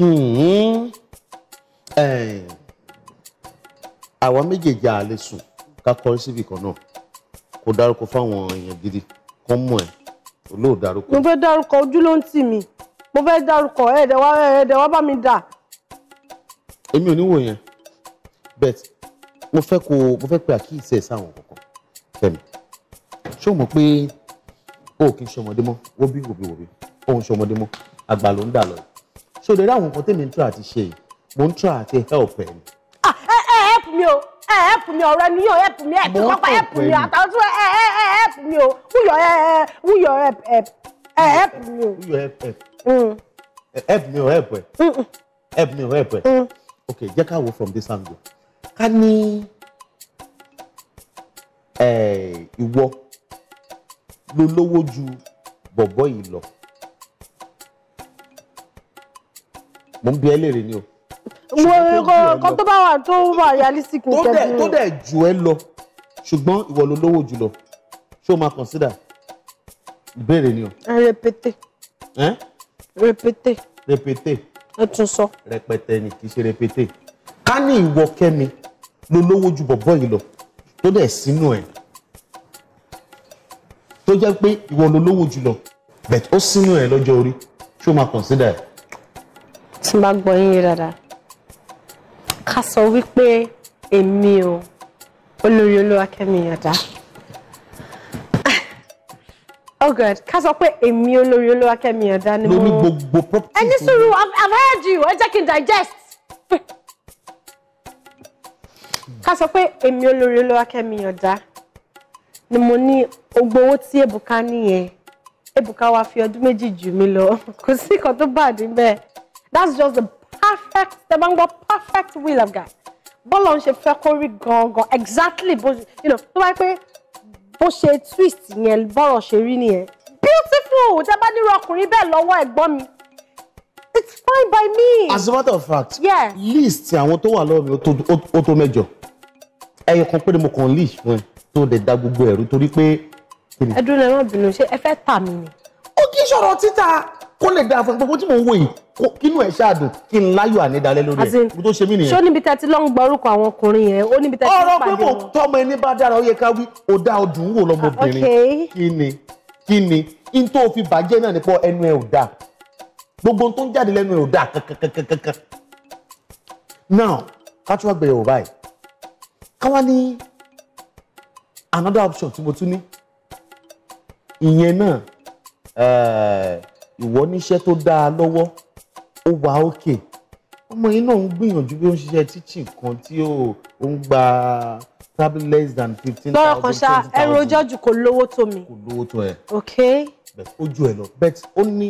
Hmm. Eh. àwa méjèèjì à lè sùn ká kọrí síbì kan náà kó dárúkọ fáwọn èèyàn gidi kó mọ̀ ẹ́ olóò dárúkọ. mo fẹ́ dárúkọ ojú ló ń tì mí mo fẹ́ dárúkọ ẹ̀ẹ́dẹ̀ wá ẹ̀ẹ́dẹ̀ wá bá mi dà. èmi ò ní wò yẹn bet mo fẹ́ kó mo fẹ́ pe àkíyèsí ẹ̀ sáwọn kankan fẹ́mi ṣé o mọ̀ pé o kì í ṣọmọdé mọ́ wóbí wòbí wòbí òun ṣọmọdé mọ́ àgbà ló ń dà lọ́yìn so lórí àwọn nǹkan tèmi ń try àti ṣe yìí mo ń try àti help ẹ ni. ẹ ẹ help mi o ẹ help mi ọ̀rẹ́ mi yóò oh, help mi ẹ tí kọ́kọ́ help mi àtàwọn tí wọ́n ẹ ẹ ẹ help me. mi o wúyọ ẹ ẹ wúyọ ẹ ẹ ẹ help mi o. wúyọ help help eh, oh. mm. eh, help me. o oh, help me. ẹ help me. o help ẹ ok jẹ́ ká wo from this angle ká ní eh, ìwọ ló lówó ju bọ̀bọ̀ yìí lọ. mo ń bi ẹ léèrè ni o. mo kọ tó bá wà tó wà realistic ní kẹ́mi. tó dẹ̀ jù ẹ lọ ṣùgbọ́n ìwọ ló lówó jùlọ ṣé o máa consider ìbéèrè ni o. rẹpẹtẹ. rẹpẹtẹ. rẹpẹtẹ. ẹ tún sọ. rẹpẹtẹ ni kì í ṣe rẹpẹtẹ ká ní ìwọ kẹ́mi ló lówó ju bọ̀bọ́ yìí lọ tó dẹ̀ sínú ẹ̀ tó jẹ́ pé ìwọ ló lówó jùlọ bẹ̀t ó sínú ẹ̀ lọ́jọ́ orí ṣé o máa consider ẹ̀ tí n bá gbọ́ yín yé dáadáa ká sọ wípé èmi o olórí Olúwakẹ́mi Ìyàndá oh god ká sọ pé èmi olórí Olúwakẹ́mi Ìyàndá ni mo lóní gbogbo property ẹni sùúrù I've heard you ẹ jẹ́ kí n digest ká sọ pé èmi olórí Olúwakẹ́mi Ìyàndá ni mo ní gbogbo owó tí Èbùká nìyẹn Èbùká wá fi ọdún méjì jù mí lọ kò sí nǹkan tó bàdí bẹ́ẹ̀ that's just the perfect the bá ń perfect will of God But ń ṣe fẹ́ gongo exactly bó you know so I pé but ṣe twist in bọ́rọ̀ ṣe rí nìyẹn beautiful tẹ body nírú ọkùnrin bẹ́ẹ̀ white ẹ̀gbọ́n it's fine by me. as a matter of fact yeah. Least, I want to allow mi to auto major. I kan pé ni mo kàn lè fún ẹ tó dẹ̀ da gbogbo ẹ̀rú torí pé. ẹ dúró lẹ́rọ̀ bínú ṣé ẹ fẹ́ tà kó lè dáa fún gbogbo tí mò ń wò yìí kínú ẹ̀ ṣáàdùn kí n láyọ̀ ànídàálẹ́ lórí ẹ̀ kó tó ṣe mí nìyẹn. ṣó níbi tẹ́tí ló ń gbọ́rúkọ àwọn ọkùnrin yẹn ó níbi tẹ́tí ló ń pàdé wọn. ọ̀rọ̀ pé mo tọ́mọ ẹni bá dára ó yẹ ká wí ó dá ọdún wò lọ́mọbìnrin ah, kí ni kí ni in tó fi bàjẹ́ náà nípa ẹnu ẹ̀ ò dáa gbogbo tó ń jáde lẹ́nu ẹ̀ ò dáa kankankankan. now káṣíwá gbẹ̀yẹ̀ ò báyìí káwá another option tí mo tún ní ìwọ níṣẹ́ tó dáa lọ́wọ́ ó wà òkè ọmọ yìí náà ń gbìyànjú bí ó ń ṣiṣẹ́ teaching kan tí ó ń gba probably less than fifteen thousand twenty thousand. ẹrù ojú ọjọ́ kò lówó tó mi. kò lówó tó ẹ. ok. ojú ẹ lọ bet ó ní.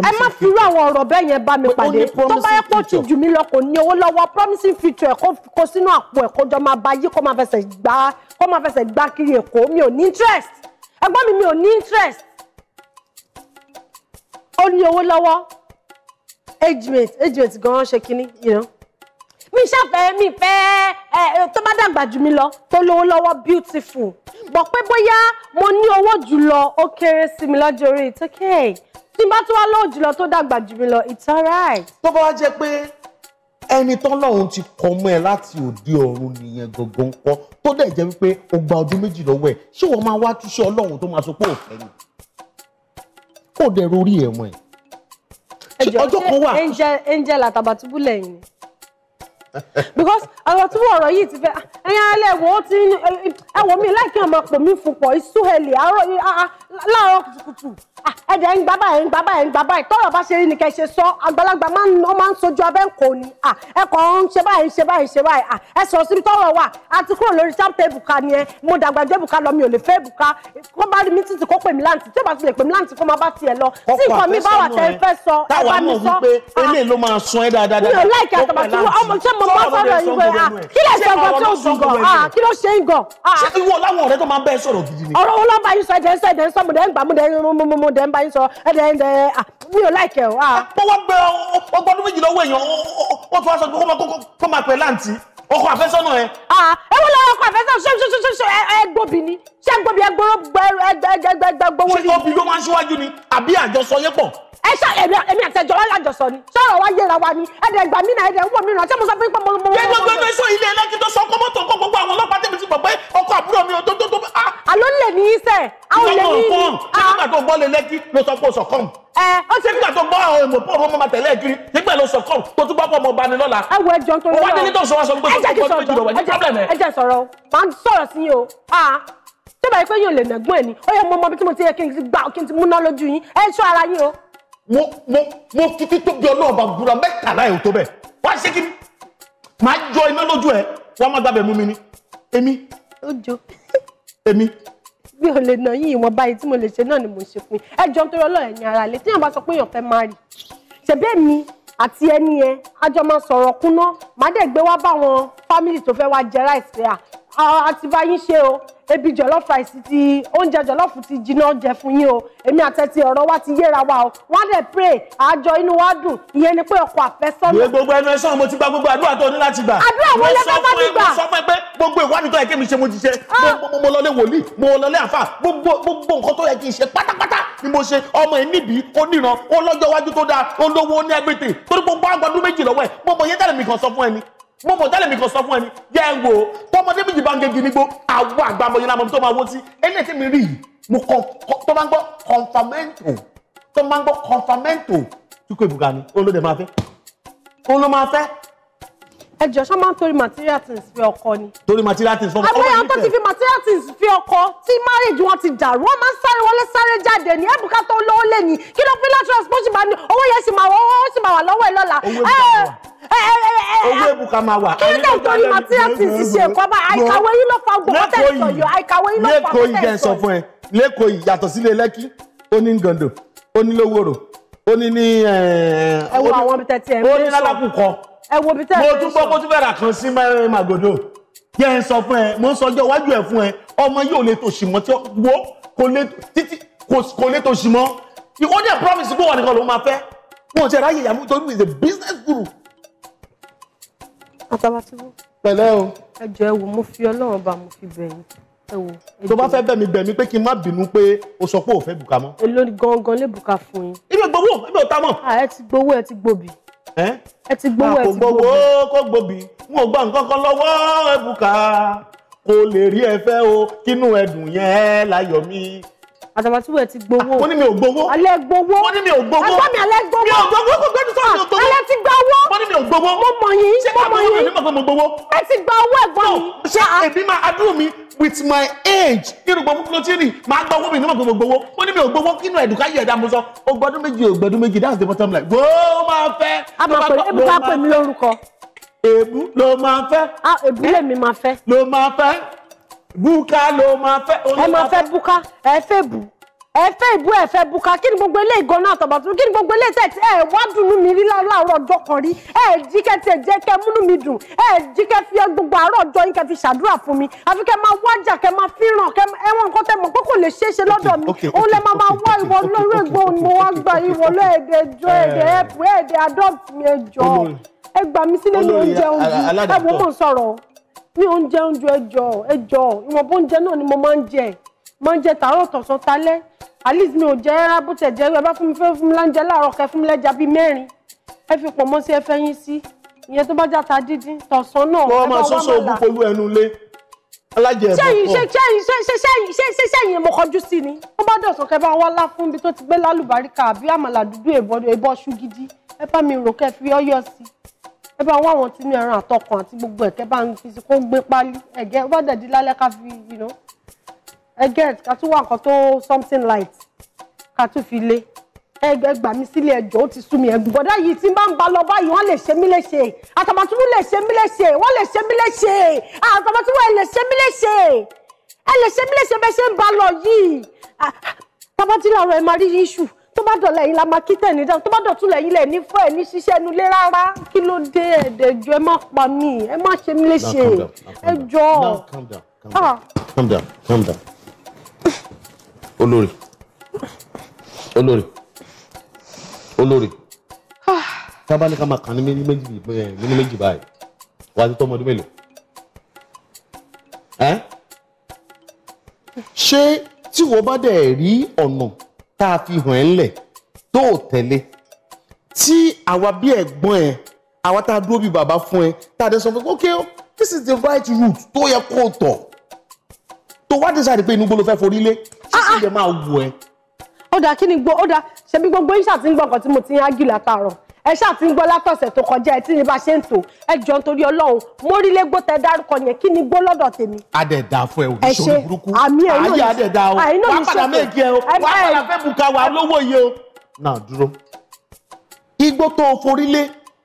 ẹ má fi àwọn ọ̀rọ̀ bẹ́ẹ̀ yẹn bá mi pàdé tó bá yẹ kó ti jù mí lọ kò ní owó lọ́wọ́ promising future ẹ̀ kó sínú àpò ẹ̀ kó jọ máa bá yí kó máa fẹsẹ̀ gbá kó máa fẹsẹ̀ gbá kiri èkó mi ò ní interest ẹgbọ́n mi mi ò ní interest ó ní owó lọ́wọ́ agement agement gan ṣe kínní you know mi ṣàfẹ́ mi fẹ́ ẹ tó bá dàgbà jù mí lọ tó lówó lọ́wọ́ beautiful bọ̀ pé bóyá mo ní owó jùlọ ó kéré sí mi lọ́jọ́ orí it's okay tí n bá tún wá lọ́wọ́ jùlọ tó dàgbà jù mí lọ it's alright. tó bá wá jẹ́ pé ẹni tán lọ́run ti kọ mọ́ ẹ láti òde ọ̀run nìyẹn gangan kọ́ tó dẹ̀ jẹ́ wípé o gba ọdún méjì lọ́wọ́ ẹ̀ ṣé wọ́n máa wá túṣe ọlọ́run tó máa sọ pé òfẹ́ ni kò dẹ̀ rórí ẹ̀wọ̀n ẹ̀ ọjọ́ kan wà. angel angel àtàbàtúbú lẹ́yìn because àtàbàtúbú ọ̀rọ̀ yìí ti fẹ́ ẹ̀yin alẹ́ wo ó ti ẹ wò mí láìkí ọmọ pò mí fúnpọ̀ ìsúhẹ̀lì láàárọ̀ kùtùkùtù ah, ẹ̀dẹ̀ ń gbá báyìí ń gbá báyìí ń gbá báyìí tọ́rọ̀ bá ṣe ni kẹ́ ṣe sọ àgbàlagbà ó máa ń sojú abẹ́ kò ní ah, ẹ̀kọ́ ń ṣe báyìí ṣe báyìí ṣe báyìí ah, ẹ sọ síbi tọ́rọ̀ wà á ti kúrò lórí sáńpẹ́ bùkà ni ẹ mo dàgbà dé bùkà lọ mi ò lè fẹ́ bùkà kó bá rí mi títí kó pè mí láǹtì tí ó bá ti lè pè mí láǹtì kó má bá tiẹ̀ lọ tí nǹkan mi ẹ bá mi sọ eléyìí ló máa sọ ń gan ah kí ló ṣe ń gan ah. ṣé ìwọ láwọn ọ̀rẹ́ tó máa ń bẹ́ẹ̀ sọ̀rọ̀ gidi ni. ọ̀rọ̀ wo ló ń bá yín sọ ẹ̀dẹ̀ ń sọ ẹ̀dẹ̀ ń sọ mo dẹ̀ ń gbà mo dẹ̀ ń mú mú dẹ̀ ń bá yín sọ ẹ̀dẹ̀ ń dẹ̀ ah, mi ò láìkẹ́ o. mo ah. wá gbẹ ọgbọdún méjì lọ́wọ́ èèyàn ó tún wá sọ pé kó máa pẹ̀ láǹtì ọkọ àfẹ́sọ́nà ẹ. Ah, ẹ wọ́n lọ́wọ́ ọkọ àfẹ́sọ́nà ṣé ṣé ṣé ṣé ẹgbòbi ni ṣé ẹgbòbi ẹgbòrò gbẹgbẹgbẹgbẹgbẹwò ni. ṣé obì ló máa ń ṣíwájú ni àbí àjọsọ pọ̀ ẹ ṣá èmi èmi àti ẹjọ́ alájọsọ ni sọ̀rọ̀ wa yẹra wa ni ẹ̀dẹ̀ ẹgbà mí náà ẹ̀dẹ̀ wọ̀ mí náà tí mo sọ fún yín gbẹgbẹ gbẹgbẹ sọ ilé ẹlẹ́kìn tó sọ kọ́mọ́tò kọ́ gbogbo àwọn ọlọ́pàá tẹ̀mí ti gbọ̀ pé ọkọ̀ àbúrò mi ò tó tó tó. Ah! àló lè ní í sẹ àwọn lè ní í ni. nígbà tó gbọ́ lé lẹ́kí ló sọ pé ó sọ kọ́m. ẹ ó ti nígbà tó gbọ́ àwọn èèmọ̀ pọ̀ ọmọ tẹ̀lé nígbà ló sọ kọ́m tó tún gbọ́ pọ̀ ọmọ ọba ni lọ́la. ẹ wo ẹjọ́ tó lọ wá délé tó sọ wá sọ máa ń sọ̀rọ̀ sí yín o tó bá yẹ pé yóò lè nàgbọ́n ẹ̀ ni ó yẹ mọ́ ọmọ bí tí mo ti yẹ kí n gbà kí n ti múná lójú yín ẹ ṣọ́ ara yín o mo mo mo fi títóbi ọlọ́run bá búra mẹ́tàlá ẹ̀ tó bẹ̀ wá ṣé kí máa jọ iná lójú ẹ̀ wọ́n má gbàbẹ̀ mú mi ni èmi. ó jọ èmi. bí o lè nà yín ìwọ̀n báyìí tí mo lè ṣe náà ni mo ṣe fún yín ẹ jọ nítorí ọlọ́run ẹ̀yìn ara lè téèyàn bá sọ pé èèyàn fẹ́ máa rì ṣèbí èmi àti ẹni yẹn a jọ máa sọ̀rọ̀ kúná màá dẹ̀ gbé wá báwọn fámìlì tó fẹ́ wá jẹ ráìsì à a àti bá yín ṣe o ebi jollof rice ti oúnjẹ jollof ti jiná oúnjẹ fún yín o èmi àtẹ̀tì ọ̀rọ̀ wa ti yéra wa o wọ́n dẹ̀ pray àjọ inú wa dùn ìyẹn ni pé ọkọ àfẹ́sọ́nà. ìwé gbogbo ẹnu ẹsán mo ti gba gbogbo àdúrà tó ní láti gbà. àdúrà wo lè bá bá ti gbà. mo sọ fún ẹ pé gbogbo ìwádìí tó yẹ kí mi ṣe mo ti ṣe ah. mo lọlé wòlíì mo lọlé àfà gbogbo gbogbo nǹkan tó yẹ kí n ṣe pátápátá ni mo ṣe ọmọ ẹ níbi oníran olọ́jọ́ iwájú tó dáa olówó ní ẹgbẹ̀tẹ̀ torí gbogbo àgbàdo méjì lọ́wọ́ ẹ̀ gbogbo yẹn tẹ̀lé mi kan sọ fún ẹni mo mọ̀ tẹ́lẹ̀ mi kan sọ fún ẹni jẹ́ ẹ wo tọmọdé méjì bá ń gègé nígbó àwọn àgbà mọ̀ yẹn lámọ̀ tó máa wó sí ẹni tí mi rí yìí mo tó máa ń gbọ́ confirmento tó máa ń gbọ́ confirmento Chukwu Ebuka ni òun ló dẹ̀ máa fẹ́ òun ló máa fẹ́. ẹ jọ ṣá máa ń torí material things fi ọkọ ni. torí material things fọmọ ọmọ yìí fẹ. àbáyọ tó ti fi material things fi ọkọ tí marriage wọn ti dàrú wọn máa ń sáré wọlé sáré jáde ní Ebuka tó lówó lè ní kí ló fi láti ọsùn bó ṣì máa ní owó yẹn sì máa wọ owó sì máa wà lọ́wọ́ ẹ lọ́la. owó ẹ ẹ owó èbùkà máa wà. kí ló ń torí materials ti ṣe bá àìkàwé yìí ló fa gbogbo tẹ̀ sọ yọ àìkàwé yìí ló fa gbogbo tẹ̀ sọ yọ. lẹ́kọ̀ọ́ yìí yàtọ̀ sílé lẹ́kí ó ní gàndò ó ní lówóró ó ní ní ẹ wo àwọn ibi tẹ́tí ẹ̀ ń sọ ó ní ẹ wo ibi tẹ́tí ẹ̀ ń sọ mo tún gbọ́ kó tún bẹ̀rẹ̀ kan sí eh, màgòdò yẹ ẹ sọ fún ẹ mo ń sọjọ́ iwájú ẹ fún ẹ ọmọ yóò lè tòṣì mọ́ wo kò lè tòṣì mọ́ ìwọ́n dẹ̀ promise pé nìkan ló máa fẹ́ wọ́n ti ráyè ìyàmú torí is a business guru àtàbàtúbú. pẹ̀lẹ́ o. ẹ jọ̀ọ́ ẹ wò mo fi Ọlọ́run bá mo fi bẹ̀ yín ẹ wò. tó bá fẹ́ bẹ̀ mí bẹ̀ mí pé kí n má bínú pé o sọ pé o fẹ́ bùkà mọ́. èló gangan lè bùkà fún yín. ibi gbowó ibi ò ta mọ̀. ẹ ti gbowó ẹ ti gbòbì. ẹ ti gbowó ẹ ti gbòbì. àpò kó gbòbì n ò gbà nǹkan kan lọ́wọ́ ẹ bùkà kò lè rí ẹ fẹ́ o kínú ẹdùn yẹn láyọ̀ mi àtàbàtúbú ẹ ti gbowó. mo ní mi ò gbowó. alẹ́ gbowó. mo ní mi ò gbowó. ẹ̀gbọ́n mi alẹ́ gbowó. mi ò gbowó kò gbẹ́dùn sọ́ọ̀ ò gbowó. alẹ́ ti gba owó. mo ní mi ò gbowó. mo mọ̀ yín. ṣé ká mo ní mi gbowó. ẹ ti gba owó ẹ̀gbọ́n mi. ṣé èmi máa adúrú mi with my age irúgbọ́n mú kílótírì máa gbọ́ owó mi nígbà gbogbo gbowó mo ní mi ò gbowó kínú ẹ̀dùká yẹ̀ búkà ló máa fẹ́. ẹ máa fẹ́ búkà ẹ fẹ́ bù ẹ fẹ́ ìbú ẹ fẹ́ búkà kí gbogbo eléyìí gan náà tọ̀bọ̀ tún gbogbo eléyìí tẹ̀tí ẹ wá dùnú mi rí láàárọ̀ ọjọ́ kan rí ẹ jí kẹ́ tiẹ̀ jẹ́ kẹ́ múnú mi dùn ẹ jí kẹ́ fi gbogbo àárọ̀ ọjọ́ yín kẹ́ fi ṣàdúrà fún mi àfi kẹ́ máa wájà kẹ́ máa fíràn kẹ́ ẹwọn nǹkan tẹ́ mọ̀ pé kò lè ṣeé ṣe lọ́dọ̀ mi òun lẹ máa máa wá ìwọ lórí ìgbò mo wá gba ìwọ lóòdè ẹjọ èdè ẹpù eh, èdè adọ́ọ̀tì mi ẹjọ ẹ gbà mí sílẹ̀ ní oúnjẹ òun ẹ wọ́n mọ̀ sọ̀rọ̀ mi ò ń jẹ oúnjẹ ẹjọ ẹjọ ìwọ̀nba oúnjẹ náà ni mo máa ń jẹ máa ń jẹ tàárọ̀ tọ̀sán talẹ́ at least mi ò jẹ rárá bó tẹ̀ jẹ́ ẹ bá fún mi fẹ́ fún mi láǹjẹ láàárọ̀ kẹ fún mi lẹ́ja bíi mẹ́rin ẹ fi pọ̀ mọ́ sí ẹ fẹ́ yín sí ìyẹn tó bá játa dídín tọ̀sán náà ẹ bá wà mọ́lá. wọ́n máa sọ́sọ́ ogun polú ẹnu lé alájẹ ẹ̀bùn pọ̀. sẹ́yìn sẹ́yìn sẹ́yìn sẹ́yìn mo kọjú sí ni wọ́n bá dọ̀sán kẹ bá wá lá fún ibi tó ti gbé lálùbáríkà àbí àmàlà dúdú èbọ̀ ṣú gidi ẹ bá mi rò kẹ fi ọyọ sí i ẹ bá wá àwọn tí ní ẹran àtọkàn àti gbogbo ẹ̀kẹ́ bá ń fi sí kó gbé pálí ẹ̀gẹ́ bá dẹ̀dí lálẹ́ ká fi you know ẹ̀gẹ́ ká tún wá nǹkan tó something light ká tún fi lé ẹgbẹ́ gbà mí sílé ẹjọ́ ó ti sú mi ẹ̀gbọ́n bọ́dá yìí tí n bá ń ba lọ báyìí wọ́n lè ṣe mí léṣe àtàbàtúbú lè ṣe mí léṣe wọ́n lè ṣe mí léṣe àtàbàtúbú ẹ̀ lè ṣe mí léṣe ẹ̀ lè ṣe mí léṣe bẹ́ẹ̀ ṣe ń ba lọ yìí tàbátí làwọn ẹ̀ máa rí iṣu tó bá dọ̀lẹ́ yìí la máa kí tẹ̀lé dáhùn tó bá dọ̀tún lẹ́yìn lẹ̀ ní fún ẹ̀ ní ṣiṣẹ́ inú ilé rárá kí ló dé ẹ̀dẹ̀jọ́ ẹ má pa mí ẹ má ṣe mí léṣe ẹ jọ. calm down ah. calm down calm down olórí olórí olórí ah. tábà ní ká máa kàn ní méjì méjì eh, méjì báyìí wàá ti tó ọmọdún mélòó ṣé tí wọ́n bá dẹ̀ rí ọ̀nà tá a fi hàn ẹ́ ńlẹ̀ tó ò tẹ̀lé tí àwa bí ẹ̀gbọ́n ẹ̀ àwa tá a dúró bí bàbá fún ẹ tá a dẹ̀ sọ fún ẹ ok oh, this is the right route tó yẹ kó o tọ̀ tó wá decide pé inú gbọ́ ló fẹ́ forí lé ṣé ṣe ah, ah. máa wù ẹ́. ó dáa kí ni gbọ́ ó dáa ṣebí gbogbo iṣẹ́ àti ń gbọ́ nǹkan tí mo ti ń ágì látàárọ̀ ẹ ṣáà ti ń gbọ́ látọ̀sẹ̀ tó kọjá ẹ tí ní bá ṣe ń tò ẹ jọ nítorí ọlọ́run mórílégbó tẹ dárúkọ yẹn kí ni gbó lọ́dọ̀ tèmi. adẹ̀dá fún ẹ ò ní sori burúkú ayé adẹ̀dá o wà padà méjì ẹ o wà padà fẹ́ bùkà wà lówó iye o. náà dúró igbó tó o forí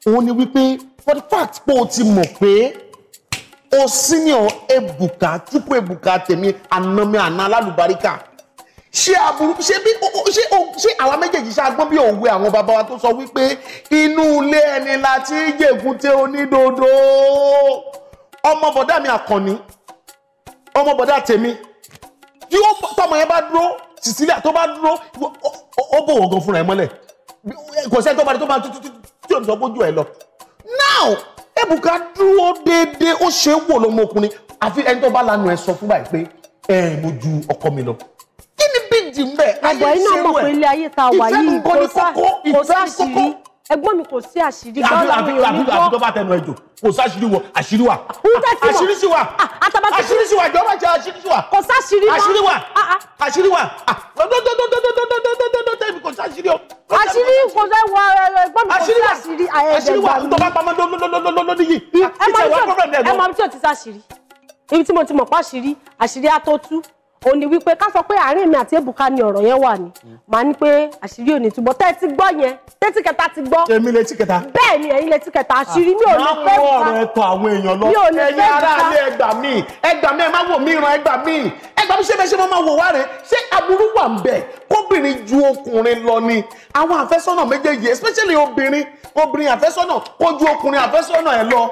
òun ni wípé for the fact pé o ti mọ̀ pé o senior ebuka tupu ebuka tèmi anami àná alálùbáríkà ṣé aburú ṣé bí ṣé ṣé àwa méjèèjì ṣe agbọ́n bí òwe àwọn bàbá wa tó sọ wípé inú ilé ẹni la ti ń jèkúté onídodo ọmọ bọ̀dá mi àkànní ọmọ bọ̀dá tèmi yóò tọmọ yẹn bá dúró Cecilia tó bá dúró ó bò wọ́n fúnra ẹ̀ mọ́lẹ̀ kò sẹ́ni tó bá dé tó máa tutù tí ò ní sọ bójú ẹ̀ lọ now Ebuka dúró déédéé ó ṣe é wò lọ́mọkùnrin àfi ẹni tó bá lanu ẹ̀ sọ fún báyìí pé ẹ̀ mo ju ọkọ mi lọ ni big deal mbẹ ayé ṣe wẹ ìfẹ́ mi kọ́ ni kókó kò sáṣìírí ẹ̀gbọ́n mi kò sí àṣírí gbọ́dọ̀ àwọn èèyàn mi kọ́ àbí tó bá tẹnu ẹjọ́ kò sáṣírí wọ àṣírí wà àṣírí sí wà àṣírí sí wà ìjọba jẹ àṣírí sí wà kò sáṣírí mọ́ àṣírí wà àṣírí wà tẹ̀mí kò sáṣírí o. àṣírí kò fẹ́ wọ ẹ̀gbọ́n mi kò sí àṣírí àṣírí wà tó bá pamọ́ lónìí yìí ìṣẹ̀wá problem dẹ̀ lọ. ẹ mọ ibi tí o ti sáṣírí ibi tí mo ti mọ̀ pàṣírí àṣírí á tó tú ó ní wípé ká sọ pé àárín mi àti èbùká ni ọ̀rọ̀ yẹn wà ní màá ní pé àṣírí ò ní túbọ̀ tẹ́ ẹ ti gbọ́ yẹn tẹ́tí kẹta ti gbọ́. èmi létí kẹta. bẹ́ẹ̀ ni ẹ̀yin létí kẹta àṣírí mi ò ní fẹ́ bùká. láwọn ọ̀rọ̀ ẹ̀tọ́ àwọn èèyàn lọ ẹ̀yin aráalé ẹ gbà mí ẹ gbà mí ẹ má wò mí ràn ẹ gbà mí ẹ gbà mí ṣé bẹ́ẹ̀ ṣe máa wò wá rẹ̀ ṣé aburú wà ń bẹ̀ kóbìnrin ju ọkùnrin lọ ni àwọn àfẹ́sọ́nà méjèèjì especially obìnrin obìnrin àfẹ́sọ́nà kó ju ọkùnrin àfẹ́sọ́nà ẹ lọ.